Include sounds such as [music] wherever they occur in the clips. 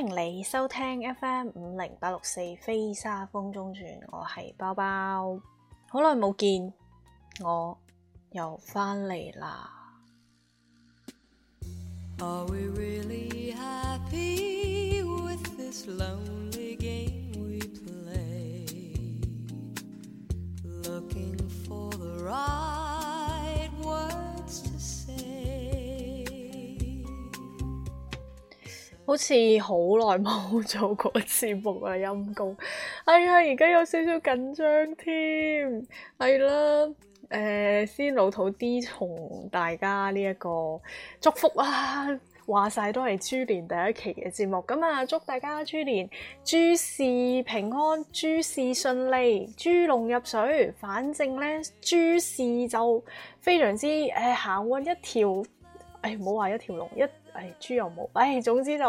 歡迎你收聽 FM 五零八六四《飛沙風中轉》，我係包包，好耐冇見，我又返嚟啦。好似好耐冇做過節目啦，陰公，哎呀，而家有少少緊張添，係啦，誒、呃，先老土啲同大家呢一個祝福啊。話、啊、晒都係豬年第一期嘅節目，咁、嗯、啊，祝大家豬年豬事平安，豬事順利，豬龍入水，反正呢，豬事就非常之誒行、呃、運一條，唔好話一條龍一。豬又冇，唉，總之就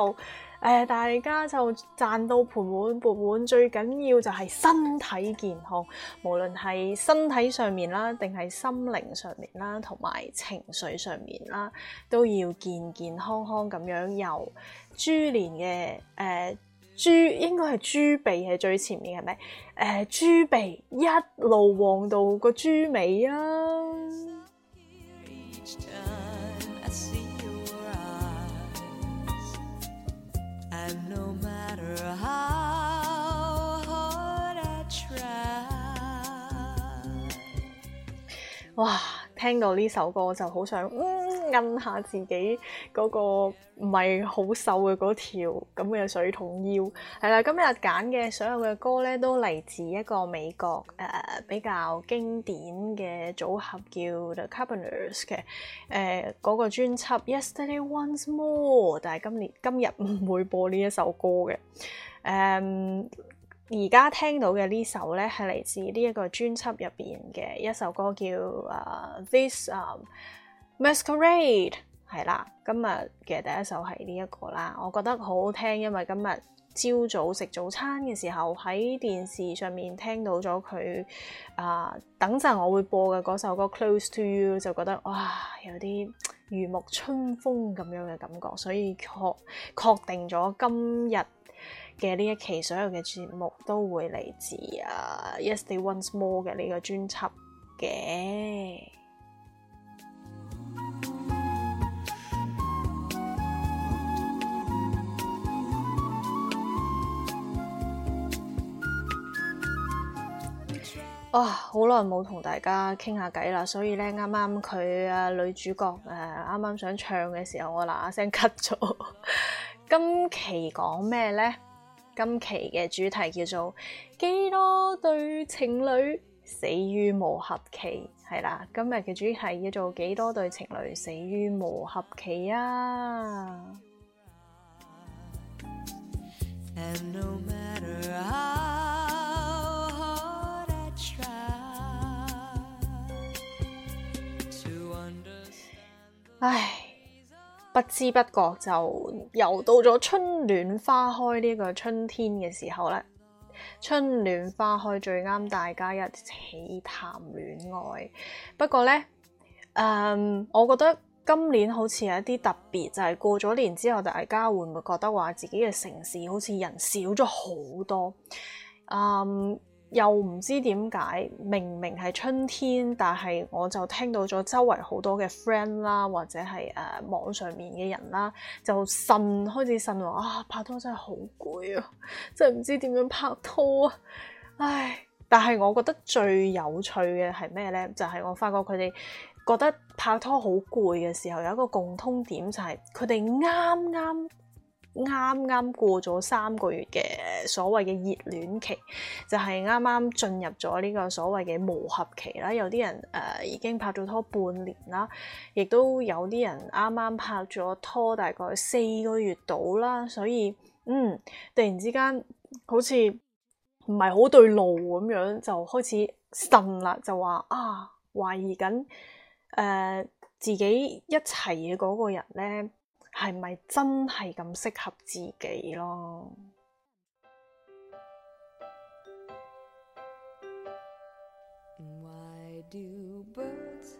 誒，大家就賺到盆滿缽滿，最緊要就係身體健康，無論係身體上面啦，定係心靈上面啦，同埋情緒上面啦，都要健健康康咁樣，由豬年嘅誒豬，應該係豬鼻係最前面係咪？誒，豬鼻一路旺到個豬尾啊！哇，聽到呢首歌我就好想～摁下自己嗰個唔係好瘦嘅嗰條咁嘅水桶腰，係啦。今日揀嘅所有嘅歌咧，都嚟自一個美國誒、uh, 比較經典嘅組合叫 The Carpenters 嘅誒嗰、uh, 個專輯 Yesterday Once More，但係今年今日唔會播呢一首歌嘅。誒而家聽到嘅呢首咧，係嚟自呢一個專輯入邊嘅一首歌叫，叫、uh, 誒 This、um, Masquerade 係啦，今日嘅第一首係呢一個啦，我覺得好好聽，因為今日朝早食早餐嘅時候喺電視上面聽到咗佢啊，等陣我會播嘅嗰首歌 Close to You，就覺得哇有啲如沐春風咁樣嘅感覺，所以確確定咗今日嘅呢一期所有嘅節目都會嚟自啊 Yesterday Once More 嘅呢個專輯嘅。哇！好耐冇同大家傾下偈啦，所以咧，啱啱佢啊女主角誒，啱啱想唱嘅時候，我嗱嗱聲咳咗。 [laughs] 今期講咩呢？今期嘅主題叫做幾多對情侶死於磨合期，係啦。今日嘅主題叫做幾多對情侶死於磨合期啊。唉，不知不覺就又到咗春暖花開呢個春天嘅時候咧，春暖花開最啱大家一起談戀愛。不過呢，誒、嗯，我覺得今年好似有一啲特別，就係過咗年之後，大家會唔會覺得話自己嘅城市好似人少咗好多？嗯。又唔知點解，明明係春天，但係我就聽到咗周圍好多嘅 friend 啦，或者係誒、呃、網上面嘅人啦，就呻開始呻話啊拍拖真係好攰啊，真係唔知點樣拍拖啊！唉，但係我覺得最有趣嘅係咩呢？就係、是、我發覺佢哋覺得拍拖好攰嘅時候，有一個共通點就係佢哋啱啱。啱啱過咗三個月嘅所謂嘅熱戀期，就係啱啱進入咗呢個所謂嘅磨合期啦。有啲人誒、呃、已經拍咗拖半年啦，亦都有啲人啱啱拍咗拖大概四個月到啦。所以嗯，突然之間好似唔係好對路咁樣，就開始呻啦，就話啊懷疑緊誒、呃、自己一齊嘅嗰個人咧。係咪真係咁適合自己咯？Why do birds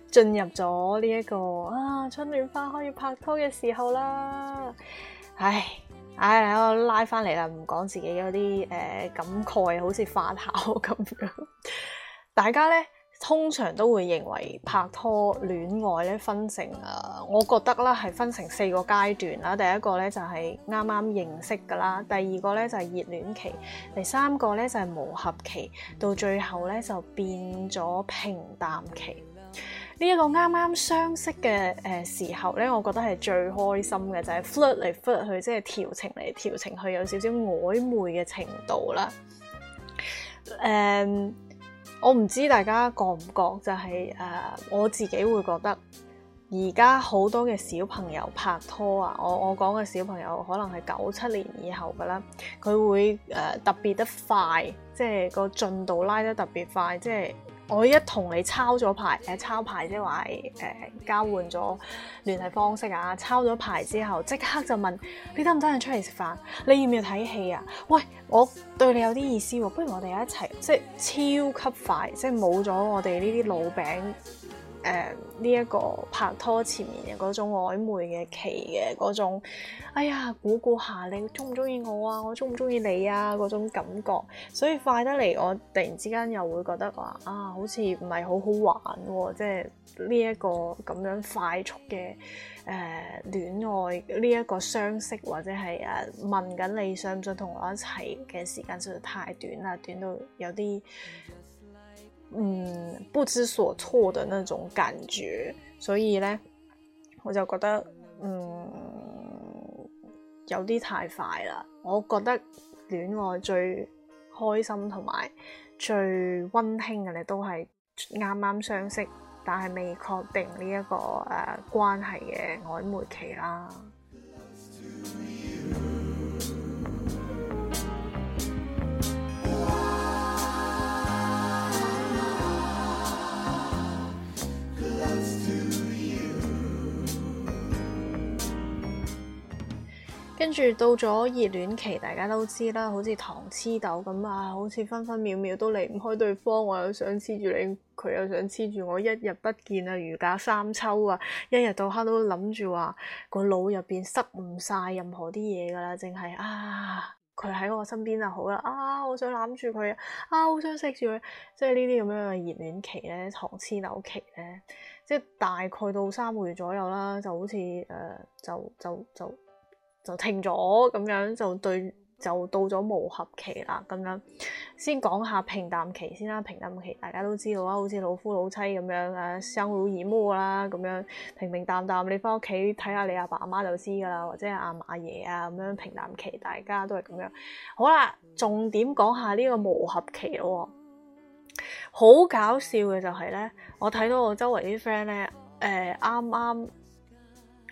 進入咗呢一個啊，春暖花開要拍拖嘅時候啦，唉唉，我拉翻嚟啦，唔講自己嗰啲誒感慨好似發酵咁樣。大家咧通常都會認為拍拖戀愛咧分成啊，我覺得啦係分成四個階段啦。第一個咧就係啱啱認識噶啦，第二個咧就係熱戀期，第三個咧就係磨合期，到最後咧就變咗平淡期。呢一個啱啱相識嘅誒時候咧，我覺得係最開心嘅，就係、是、flirt 嚟 flirt 去，即係調情嚟調情去，有少少曖昧嘅程度啦。誒、嗯，我唔知大家覺唔覺，就係、是、誒、呃，我自己會覺得而家好多嘅小朋友拍拖啊，我我講嘅小朋友可能係九七年以後嘅啦，佢會誒、呃、特別得快，即係個進度拉得特別快，即係。我一同你抄咗牌，誒、欸、抄牌即係話誒交換咗聯繫方式啊！抄咗牌之後，即刻就問你得唔得閒出嚟食飯？你要唔要睇戲啊？喂，我對你有啲意思喎、啊，不如我哋一齊，即係超級快，即係冇咗我哋呢啲老餅。誒，呢一、嗯這個拍拖前面嘅嗰種曖昧嘅期嘅嗰種，哎呀，估估下你中唔中意我啊，我中唔中意你啊嗰種感覺，所以快得嚟，我突然之間又會覺得話，啊，好似唔係好好玩喎、啊，即係呢一個咁樣快速嘅誒戀愛呢一、這個相識或者係誒、啊、問緊你想唔想同我一齊嘅時間，實在太短啦，短到有啲。嗯，不知所措的那種感覺，所以咧，我就覺得，嗯，有啲太快啦。我覺得戀愛最開心同埋最溫馨嘅咧，都係啱啱相識，但係未確定呢、這、一個誒、呃、關係嘅曖昧期啦。跟住到咗熱戀期，大家都知啦，好似糖黐豆咁啊，好似分分秒秒都離唔開對方，我又想黐住你，佢又想黐住我，一日不見啊如隔三秋啊，一日到黑都諗住話個腦入邊塞唔晒任何啲嘢㗎啦，淨係啊佢喺我身邊就好啦，啊我想攬住佢啊，啊，好想錫住佢，即係呢啲咁樣嘅熱戀期咧，糖黐豆期咧，即係大概到三個月左右啦，就好似誒就就就。就就就就停咗咁樣，就對就到咗磨合期啦，咁樣先講下平淡期先啦。平淡期大家都知道啊，好似老夫老妻咁樣誒、啊、相濡以沫啦，咁樣平平淡淡。你翻屋企睇下你阿爸阿媽就知噶啦，或者阿嫲阿爺啊咁樣，平淡期大家都係咁樣。好啦，重點講下呢個磨合期咯。好搞笑嘅就係咧，我睇到我周圍啲 friend 咧，誒啱啱。剛剛誒、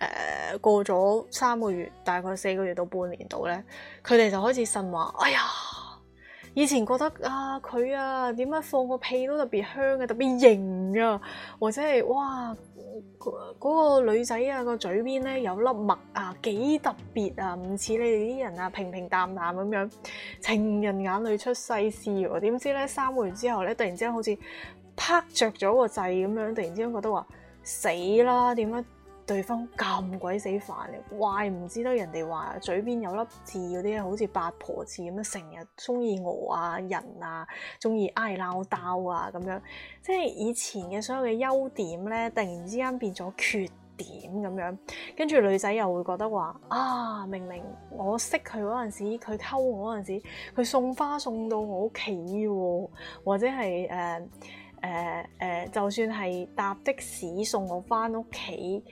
呃，過咗三個月，大概四個月到半年度咧，佢哋就開始呻話，哎呀，以前覺得啊佢啊，點解、啊、放個屁都特別香嘅，特別型噶，或者係哇嗰、那個女仔啊個嘴邊咧有粒癦啊，幾特別啊，唔似你哋啲人啊平平淡淡咁樣，情人眼裏出世事，點知咧三個月之後咧，突然之間好似啪着咗個掣咁樣，突然之間覺得話死啦，點解對方咁鬼死煩，怪唔知得人哋話嘴邊有粒痣嗰啲，好似八婆似咁，成日中意我啊人啊，中意嗌鬧交啊咁樣，即係以前嘅所有嘅優點咧，突然之間變咗缺點咁樣，跟住女仔又會覺得話啊，明明我識佢嗰陣時，佢溝我嗰陣時，佢送花送到我屋企喎，或者係誒誒誒，就算係搭的士送我返屋企。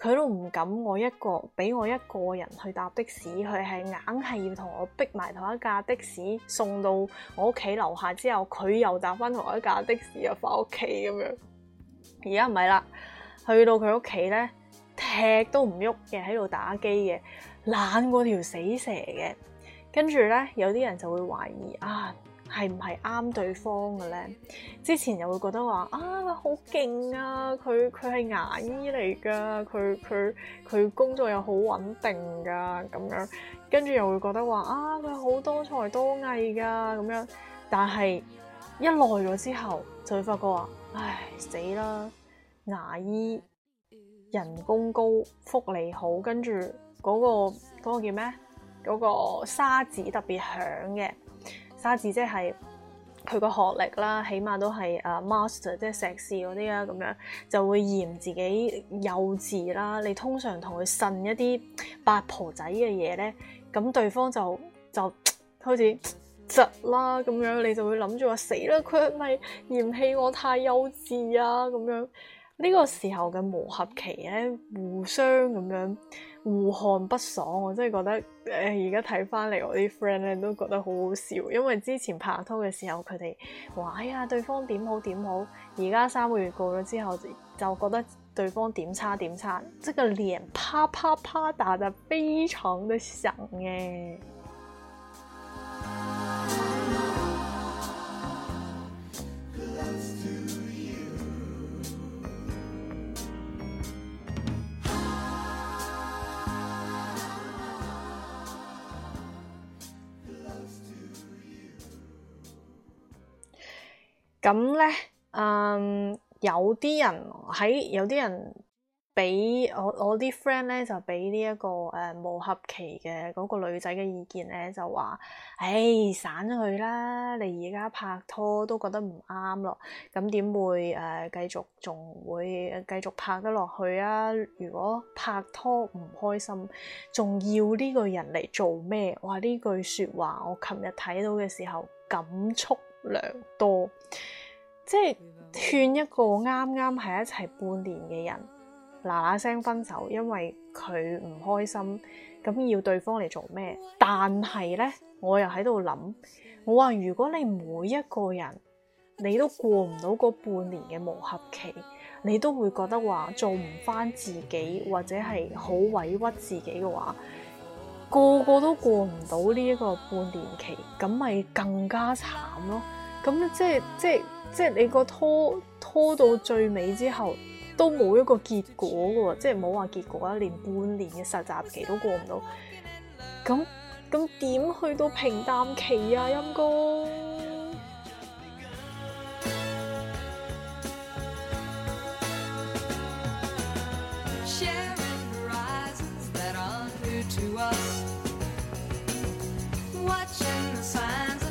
佢都唔敢我一個，俾我一個人去搭的士，佢係硬係要同我逼埋同一架的士送到我屋企樓下之後，佢又搭翻同一架的士又翻屋企咁樣。而家唔係啦，去到佢屋企咧，踢都唔喐嘅，喺度打機嘅，懶過條死蛇嘅。跟住咧，有啲人就會懷疑啊。係唔係啱對方嘅咧？之前又會覺得話啊，佢好勁啊！佢佢係牙醫嚟㗎，佢佢佢工作又好穩定㗎咁樣，跟住又會覺得話啊，佢好多才多藝㗎咁樣。但係一耐咗之後，就會發覺話，唉死啦！牙醫人工高，福利好，跟住嗰個嗰個叫咩？嗰個沙子特別響嘅。沙子即係佢個學歷啦，起碼都係誒、uh, Master 即係碩士嗰啲啊，咁樣就會嫌自己幼稚啦。你通常同佢呻一啲八婆仔嘅嘢咧，咁對方就就開始窒啦咁樣，你就會諗住話死啦，佢係咪嫌棄我太幼稚啊？咁樣呢、這個時候嘅磨合期咧，互相咁樣。互看不爽，我真係覺得，誒而家睇翻嚟，我啲 friend 咧都覺得好好笑，因為之前拍拖嘅時候，佢哋話哎呀對方點好點好，而家三個月過咗之後就覺得對方點差點差，即、這個臉啪啪啪,啪，打得非常的神嘅、啊。咁咧，嗯，有啲人喺、哎、有啲人俾我我啲 friend 咧，就俾呢一個誒、呃、磨合期嘅嗰個女仔嘅意見咧，就話，唉、哎，散咗佢啦！你而家拍拖都覺得唔啱咯，咁點會誒、呃、繼續仲會繼續拍得落去啊？如果拍拖唔開心，仲要呢個人嚟做咩？哇！呢句説話我琴日睇到嘅時候感觸良多。即係勸一個啱啱喺一齊半年嘅人嗱嗱聲分手，因為佢唔開心，咁要對方嚟做咩？但係呢，我又喺度諗，我話如果你每一個人你都過唔到嗰半年嘅磨合期，你都會覺得話做唔翻自己，或者係好委屈自己嘅話，個個都過唔到呢一個半年期，咁咪更加慘咯。咁即係即係。即係你個拖拖到最尾之後，都冇一個結果噶，即係冇話結果啊，連半年嘅實習期都過唔到，咁咁點去到平淡期啊，陰公？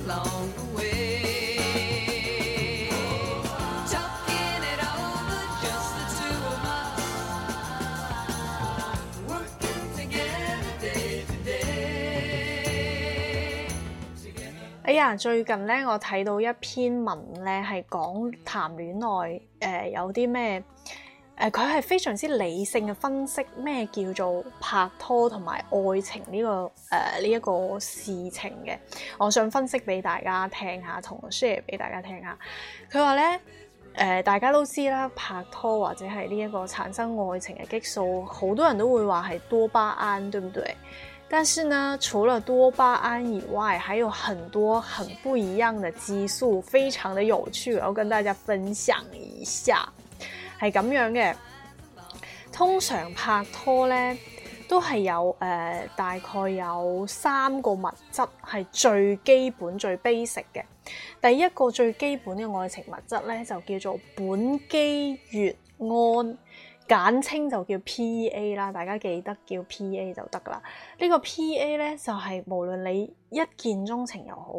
音樂最近咧，我睇到一篇文咧，係講談戀愛誒、呃，有啲咩誒，佢、呃、係非常之理性嘅分析咩叫做拍拖同埋愛情呢個誒呢一個事情嘅。我想分析俾大家聽下，同我 share 俾大家聽下。佢話咧誒，大家都知啦，拍拖或者係呢一個產生愛情嘅激素，好多人都會話係多巴胺，對唔對？但是呢，除了多巴胺以外，還有很多很不一樣的激素，非常的有趣，我跟大家分享一下。係咁樣嘅，通常拍拖咧都係有誒、呃，大概有三個物質係最基本、最 basic 嘅。第一個最基本嘅愛情物質咧就叫做苯基乙胺。簡稱就叫 PEA 啦，大家記得叫 PEA 就得啦。呢、呢個 PEA 呢，就係、是、無論你一見鍾情又好，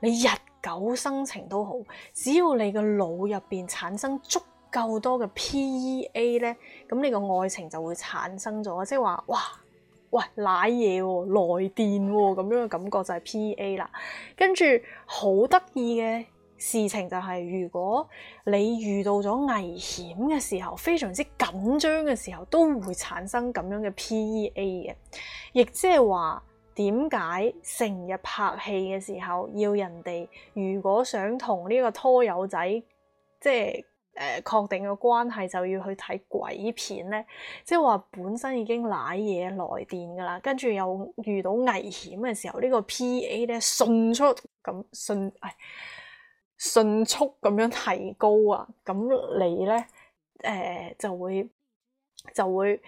你日久生情都好，只要你個腦入邊產生足夠多嘅 PEA 呢，咁你個愛情就會產生咗，即係話，哇喂瀨嘢來電咁樣嘅感覺就係 PEA 啦。跟住好得意嘅。事情就係、是，如果你遇到咗危險嘅時候，非常之緊張嘅時候，都會產生咁樣嘅 P.E.A. 嘅，亦即係話點解成日拍戲嘅時候，要人哋如果想同呢個拖友仔，即係誒、呃、確定個關係，就要去睇鬼片咧？即係話本身已經攋嘢來電噶啦，跟住又遇到危險嘅時候，這個、呢個 P.E.A. 咧，迅速咁迅。迅速咁樣提高、呃、樣啊，咁你咧，誒就會就會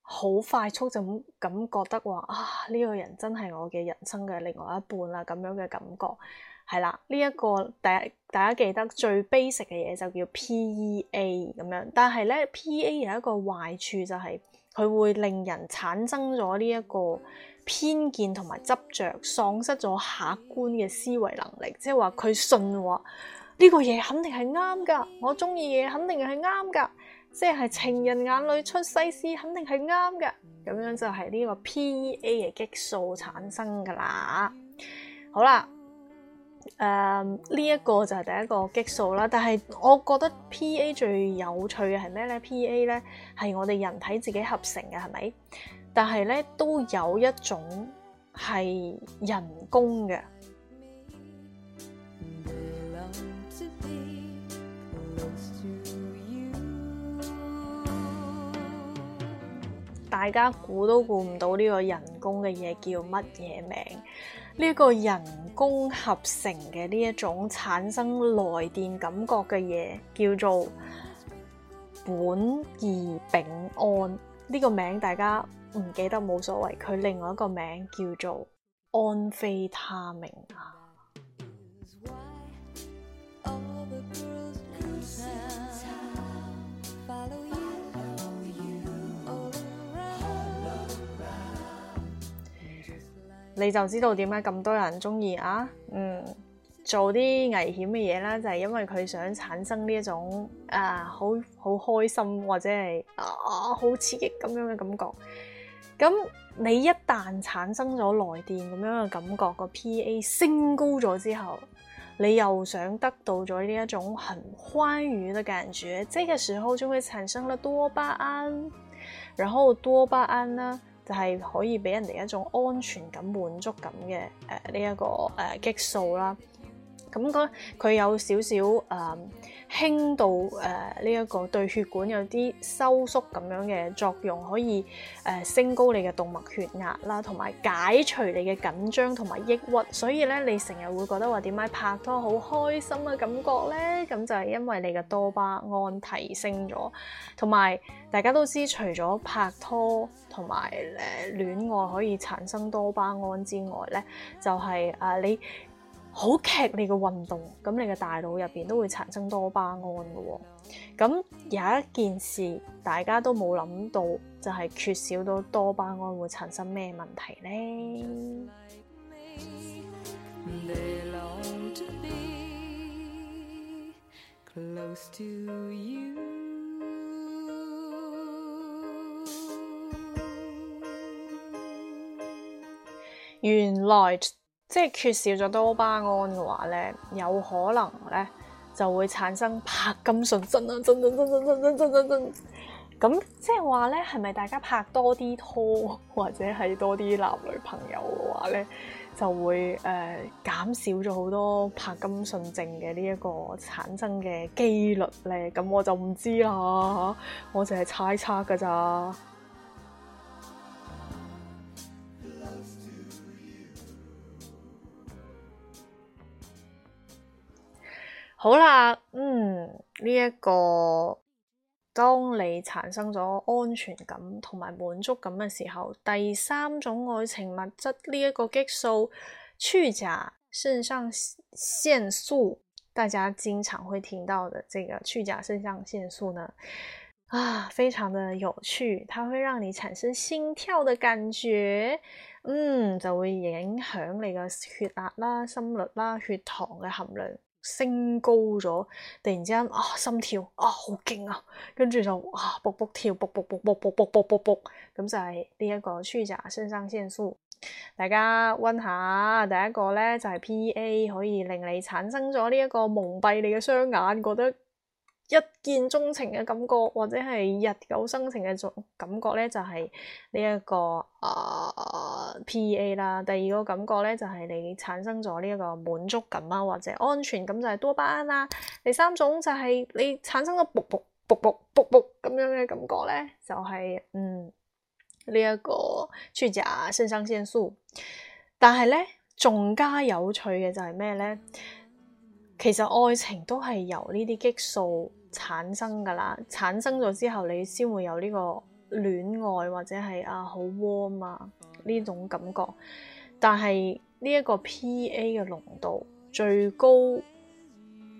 好快速就咁咁覺得話啊呢個人真係我嘅人生嘅另外一半啦，咁樣嘅感覺係啦，呢一、這個第大,大家記得最 basic 嘅嘢就叫 P.E.A. 咁樣，但係咧 P.E.A.、E、有一個壞處就係、是。佢會令人產生咗呢一個偏見同埋執着，喪失咗客觀嘅思維能力，即係話佢信話呢個嘢肯定係啱噶，我中意嘢肯定係啱噶，即係情人眼裏出西施，肯定係啱噶，咁樣就係呢個 PEA 嘅激素產生噶啦。好啦。誒，呢一，um, 個就係第一個激素啦。但係我覺得 PA 最有趣嘅係咩咧？PA 咧係我哋人體自己合成嘅，係咪？但係咧都有一種係人工嘅。 [music] 大家估都估唔到呢個人工嘅嘢，叫乜嘢名？呢個人工合成嘅呢一種產生來電感覺嘅嘢，叫做苯二丙胺。呢個名大家唔記得冇所謂，佢另外一個名叫做安非他命。你就知道點解咁多人中意啊。嗯，做啲危險嘅嘢啦，就係因為佢想產生呢一種啊，好好開心或者係啊，好刺激咁樣嘅感覺。咁你一旦產生咗來電咁樣嘅感覺，個 PA 升高咗之後，你又想得到咗呢一種很歡愉嘅感覺，即個時候就會產生咗多巴胺。然後多巴胺啦。就係可以俾人哋一種安全感、滿足感嘅誒呢一個誒、呃、激素啦。咁嗰佢有少少誒、呃、輕度誒呢一個對血管有啲收縮咁樣嘅作用，可以誒、呃、升高你嘅動脈血壓啦，同埋解除你嘅緊張同埋抑鬱。所以咧，你成日會覺得話點解拍拖好開心嘅感覺咧？咁就係因為你嘅多巴胺提升咗，同埋大家都知，除咗拍拖同埋誒戀愛可以產生多巴胺之外咧，就係、是、啊、呃、你。好劇烈嘅運動，咁你嘅大腦入邊都會產生多巴胺嘅喎、哦。咁有一件事大家都冇諗到，就係缺少到多巴胺會產生咩問題咧？ [music] 原來。即係缺少咗多巴胺嘅話咧，有可能咧就會產生帕金遜症啊！真真真真真真真真真咁，即係話咧係咪大家拍多啲拖或者係多啲男女朋友嘅話咧，就會誒、呃、減少咗好多帕金遜症嘅呢一個產生嘅幾率咧？咁我就唔知啦吓，我淨係猜測噶咋。好啦，嗯，呢、這、一個當你產生咗安全感同埋滿足感嘅時候，第三種愛情物質呢一、這個激素去甲腎上腺素，大家經常會聽到嘅。這個去甲腎上腺素呢，啊，非常的有趣，它會讓你產生心跳嘅感覺，嗯，就會影響你嘅血壓啦、心率啦、血糖嘅含量。升高咗，突然之間啊心跳啊好勁啊，跟住就啊卜卜跳卜卜卜卜卜卜卜卜咁就係呢一個去甲腎上腺素。大家溫下，第一個咧就係 P A 可以令你產生咗呢一個蒙蔽你嘅雙眼，覺得。一見鍾情嘅感覺，或者係日久生情嘅種感覺咧，就係呢一個啊、呃、PEA 啦。第二個感覺咧，就係、是、你產生咗呢一個滿足感啊，或者安全感就係多巴胺啦、啊。第三種就係你產生咗卜卜卜卜卜卜咁樣嘅感覺咧，就係、是、嗯呢一、這個去甲腎上腺素。但係咧，仲加有趣嘅就係咩咧？其實愛情都係由呢啲激素，產生㗎啦，產生咗之後，你先會有呢個戀愛或者係啊好 warm 啊呢種感覺。但係呢一個 PA 嘅濃度最高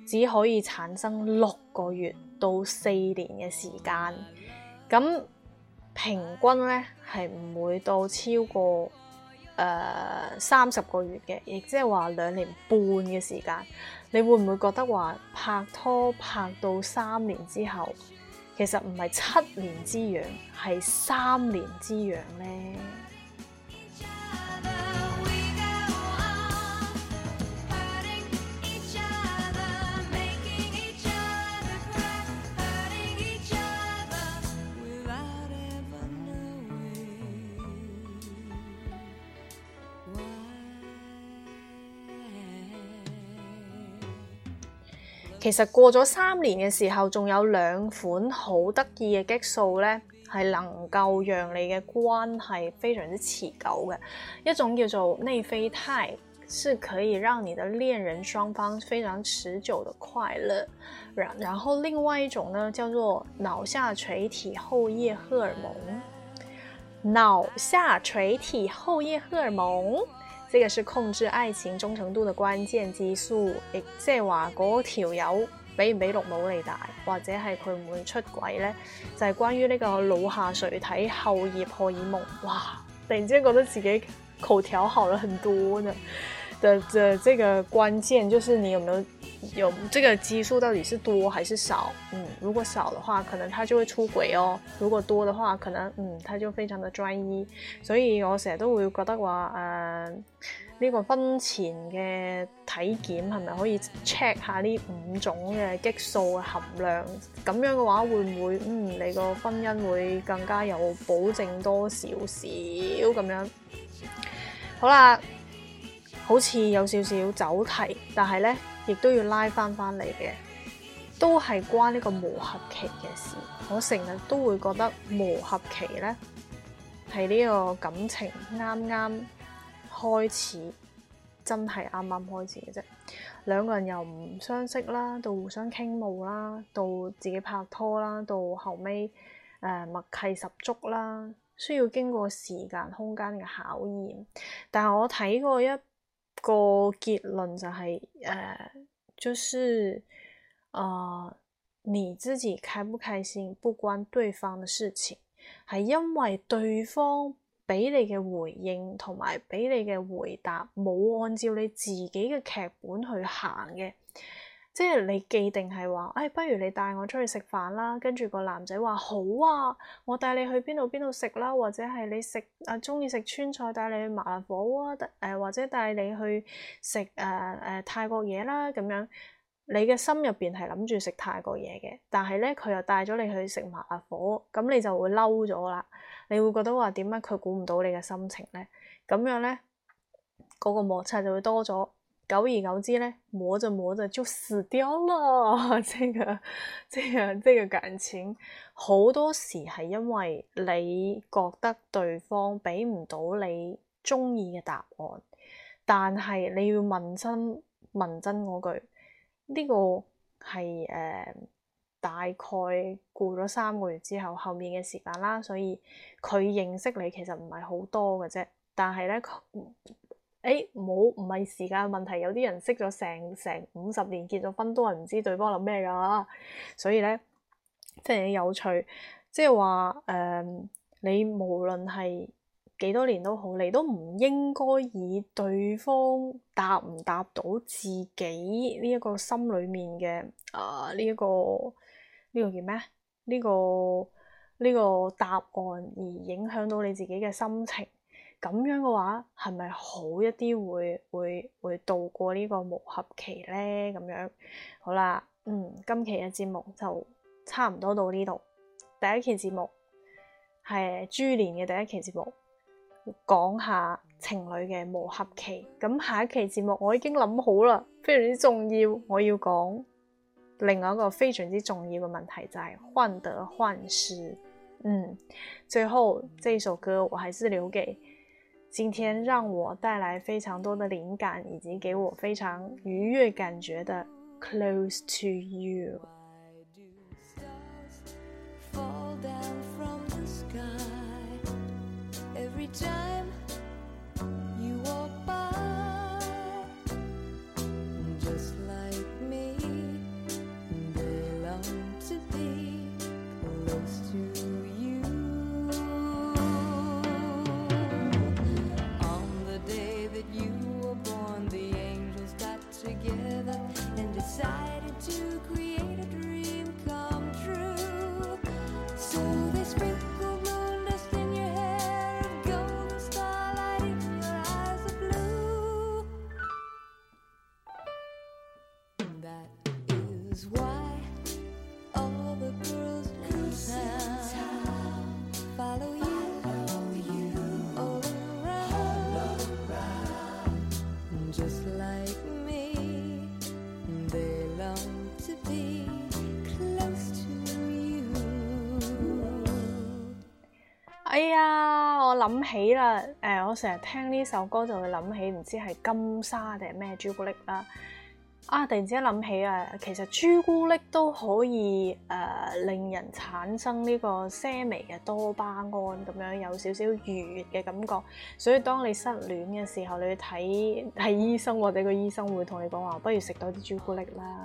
只可以產生六個月到四年嘅時間，咁平均咧係唔會到超過誒三十個月嘅，亦即係話兩年半嘅時間。你會唔會覺得話拍拖拍到三年之後，其實唔係七年之癢，係三年之癢呢？其實過咗三年嘅時候，仲有兩款好得意嘅激素咧，係能夠讓你嘅關係非常之持久嘅。一種叫做內啡肽，是可以讓你嘅戀人雙方非常持久嘅快樂。然後另外一種呢，叫做腦下垂體後葉荷爾蒙。腦下垂體後葉荷爾蒙。呢個是控制愛情忠誠度的關鍵激素，亦即係話嗰條友俾唔俾綠帽嚟戴，或者係佢唔會出軌呢就係、是、關於呢個腦下垂體後葉荷爾蒙。哇！突然之間覺得自己口條好跳後了很多啊～的的這個關鍵就是你有沒有有這個激素到底是多還是少？嗯，如果少的話，可能他就會出軌哦；如果多的話，可能嗯他就非常的專一。Y. 所以我成日都會覺得話，誒、呃、呢、這個婚前嘅體檢係咪可以 check 下呢五種嘅激素嘅含量？咁樣嘅話會唔會嗯你個婚姻會更加有保證多少少咁樣？好啦。好似有少少走題，但係咧，亦都要拉翻翻嚟嘅，都係關呢個磨合期嘅事。我成日都會覺得磨合期咧，係呢個感情啱啱開始，真係啱啱開始嘅啫。兩個人由唔相識啦，到互相傾慕啦，到自己拍拖啦，到後尾誒、呃、默契十足啦，需要經過時間空間嘅考驗。但係我睇過一。個結論就係、是、誒，uh, 就是啊，uh, 你自己開不開心不關對方嘅事情，係因為對方俾你嘅回應同埋俾你嘅回答冇按照你自己嘅劇本去行嘅。即係你既定係話，誒、哎，不如你帶我出去食飯啦。跟住個男仔話好啊，我帶你去邊度邊度食啦，或者係你食誒中意食川菜，帶你去麻辣火鍋、啊，誒、呃、或者帶你去食誒誒泰國嘢啦咁樣。你嘅心入邊係諗住食泰國嘢嘅，但係咧，佢又帶咗你去食麻辣火，咁你就會嬲咗啦。你會覺得話點解佢估唔到你嘅心情咧？咁樣咧，嗰、那個摩擦就會多咗。久而久之咧，摸就摸，就就死掉咯。即、這個、即、這個、即、這個感情，好多時係因為你覺得對方俾唔到你中意嘅答案，但係你要問真問真嗰句，呢、這個係誒、呃、大概過咗三個月之後，後面嘅時間啦，所以佢認識你其實唔係好多嘅啫，但係咧。呃誒，冇，唔係時間問題，有啲人識咗成成五十年，結咗婚都係唔知對方諗咩噶，所以咧，真係好有趣，即係話誒，你無論係幾多年都好，你都唔應該以對方答唔答到自己呢一個心裏面嘅誒呢一個呢個叫咩？呢個呢個答案而影響到你自己嘅心情。咁樣嘅話，係咪好一啲會會會度過呢個磨合期咧？咁樣好啦，嗯，今期嘅節目就差唔多到呢度。第一期節目係豬年嘅第一期節目，講下情侶嘅磨合期。咁、嗯、下一期節目我已經諗好啦，非常之重要，我要講另外一個非常之重要嘅問題就係、是、患得患失。嗯，最後這一首歌，我還是留給。今天讓我帶來非常多的靈感，以及給我非常愉悅感覺的《Close to You》。諗起啦，誒，我成日聽呢首歌就會諗起唔知係金沙定係咩朱古力啦。啊，突然之間諗起啊，其實朱古力都可以誒，令人產生呢個些微嘅多巴胺咁樣，有少少愉悅嘅感覺。所以當你失戀嘅時候，你去睇睇醫生或者個醫生會同你講話，不如食多啲朱古力啦。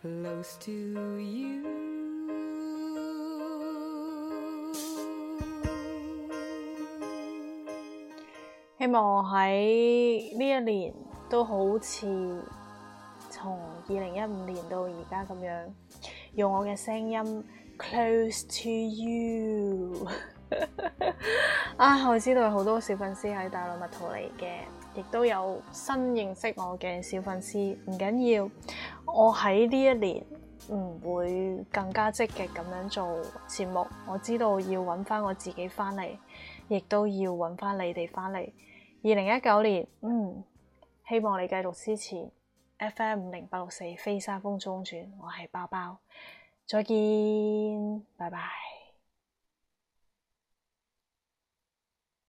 Close to you. 希望我喺呢一年都好似從二零一五年到而家咁樣，用我嘅聲音 Close to you。 [laughs] 啊，我知道有好多小粉絲喺大陸蜜桃嚟嘅，亦都有新認識我嘅小粉絲，唔緊要。我喺呢一年唔會更加積極咁樣做節目，我知道要揾翻我自己翻嚟，亦都要揾翻你哋翻嚟。二零一九年，嗯，希望你繼續支持 FM 零八六四飛沙風中轉，我係包包，再見，拜拜。